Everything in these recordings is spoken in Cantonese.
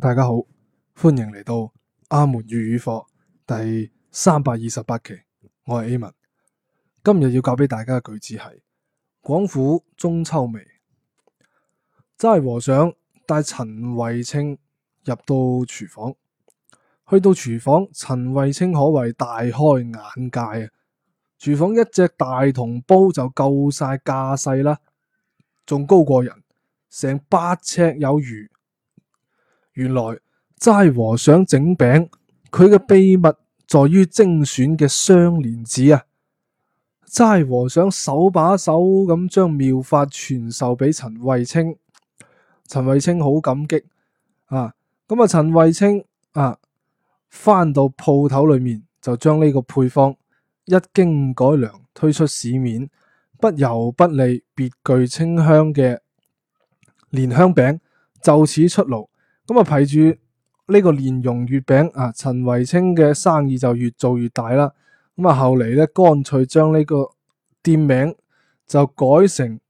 大家好，歡迎嚟到阿門粵語課第三百二十八期，我係 A 文，今日要教俾大家嘅句子係廣府中秋味，齋和尚帶陳維清入到廚房，去到廚房，陳維清可謂大開眼界啊！廚房一隻大銅煲就夠晒架勢啦，仲高過人，成八尺有餘。原來齋和尚整餅，佢嘅秘密在於精選嘅湘蓮子啊。齋和尚手把手咁將妙法傳授俾陳維清，陳維清好感激啊。咁啊，陳維清啊，翻到鋪頭裏面就將呢個配方一經改良推出市面，不油不膩，別具清香嘅蓮香餅就此出爐。咁啊，憑住呢個蓮蓉月餅啊，陳維清嘅生意就越做越大啦。咁啊，後嚟咧，乾脆將呢個店名就改成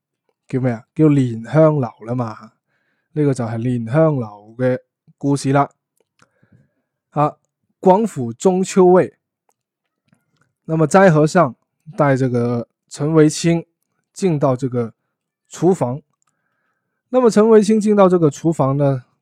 叫咩啊？叫，叫蓮香樓啦嘛。呢、啊這個就係蓮香樓嘅故事啦。啊，廣府中秋味，那麼齋和尚帶這個陳維清進到這個廚房。那麼陳維清進到這個廚房呢？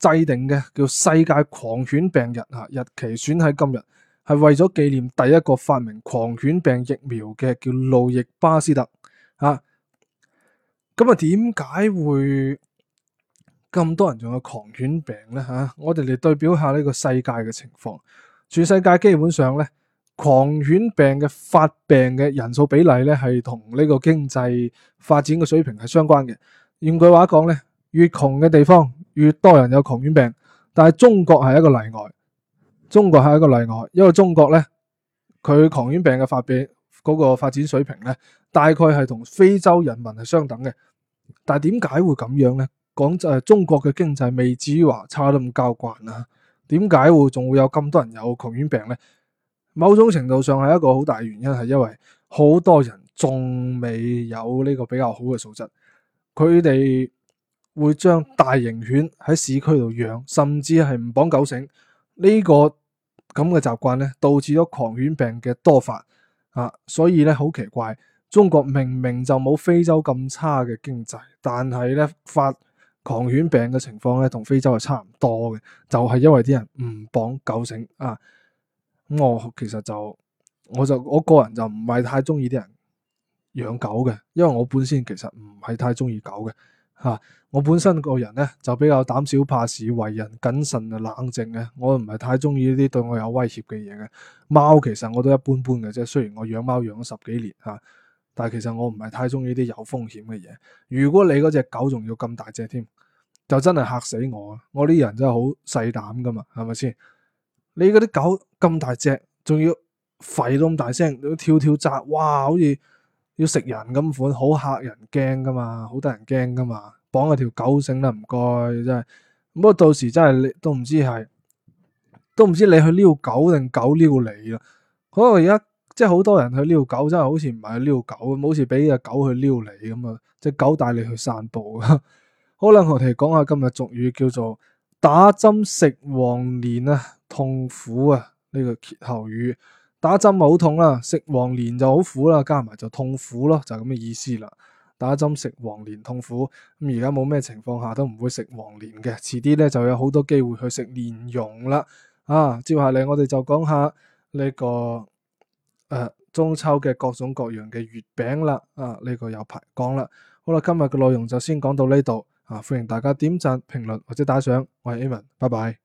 制定嘅叫世界狂犬病日吓，日期選喺今日，係為咗紀念第一個發明狂犬病疫苗嘅叫路易巴斯特吓，咁啊，點解會咁多人仲有狂犬病咧？吓、啊，我哋嚟對比下呢個世界嘅情況。全世界基本上咧，狂犬病嘅發病嘅人數比例咧，係同呢個經濟發展嘅水平係相關嘅。換句話講咧，越窮嘅地方。越多人有狂犬病，但係中國係一個例外。中國係一個例外，因為中國呢，佢狂犬病嘅發病嗰、嗰個發展水平呢，大概係同非洲人民係相等嘅。但係點解會咁樣呢？講誒，中國嘅經濟未至於話差得咁交關啊。點解會仲會有咁多人有狂犬病呢？某種程度上係一個好大原因，係因為好多人仲未有呢個比較好嘅素質，佢哋。會將大型犬喺市區度養，甚至係唔綁狗繩呢個咁嘅習慣咧，導致咗狂犬病嘅多發啊！所以咧好奇怪，中國明明就冇非洲咁差嘅經濟，但係咧發狂犬病嘅情況咧，同非洲係差唔多嘅，就係因為啲人唔綁狗繩啊！咁我其實就，我就我個人就唔係太中意啲人養狗嘅，因為我本身其實唔係太中意狗嘅。吓、啊！我本身個人咧就比較膽小怕事，為人謹慎又、啊、冷靜嘅、啊，我唔係太中意呢啲對我有威脅嘅嘢嘅。貓其實我都一般般嘅啫，雖然我養貓養咗十幾年吓、啊，但係其實我唔係太中意啲有風險嘅嘢。如果你嗰隻狗仲要咁大隻添，就真係嚇死我啊！我啲人真係好細膽噶嘛，係咪先？你嗰啲狗咁大隻，仲要吠咁大聲，跳跳紮，哇！好似～要食人咁款，好嚇人驚噶嘛，好得人驚噶嘛，綁佢條狗繩啦，唔該，真係。咁不過到時真係你都唔知係，都唔知，都唔知你去撩狗定狗撩你啊。可能而家即係好多人去撩狗，真係好似唔係去撩狗咁，好似俾隻狗去撩你咁啊，即係狗帶你去散步啊。好啦，我哋講下今日俗語叫做打針食黃連啊，痛苦啊，呢、這個歇後語。打針好痛啦，食黃連就好苦啦，加埋就痛苦咯，就係咁嘅意思啦。打針食黃連痛苦，咁而家冇咩情況下都唔會食黃連嘅，遲啲咧就有好多機會去食蓮蓉啦。啊，接下嚟我哋就講下呢個誒中秋嘅各種各樣嘅月餅啦。啊，呢個有排講啦。好啦，今日嘅內容就先講到呢度。啊，歡迎大家點讚、評論或者打賞。我係阿門，拜拜。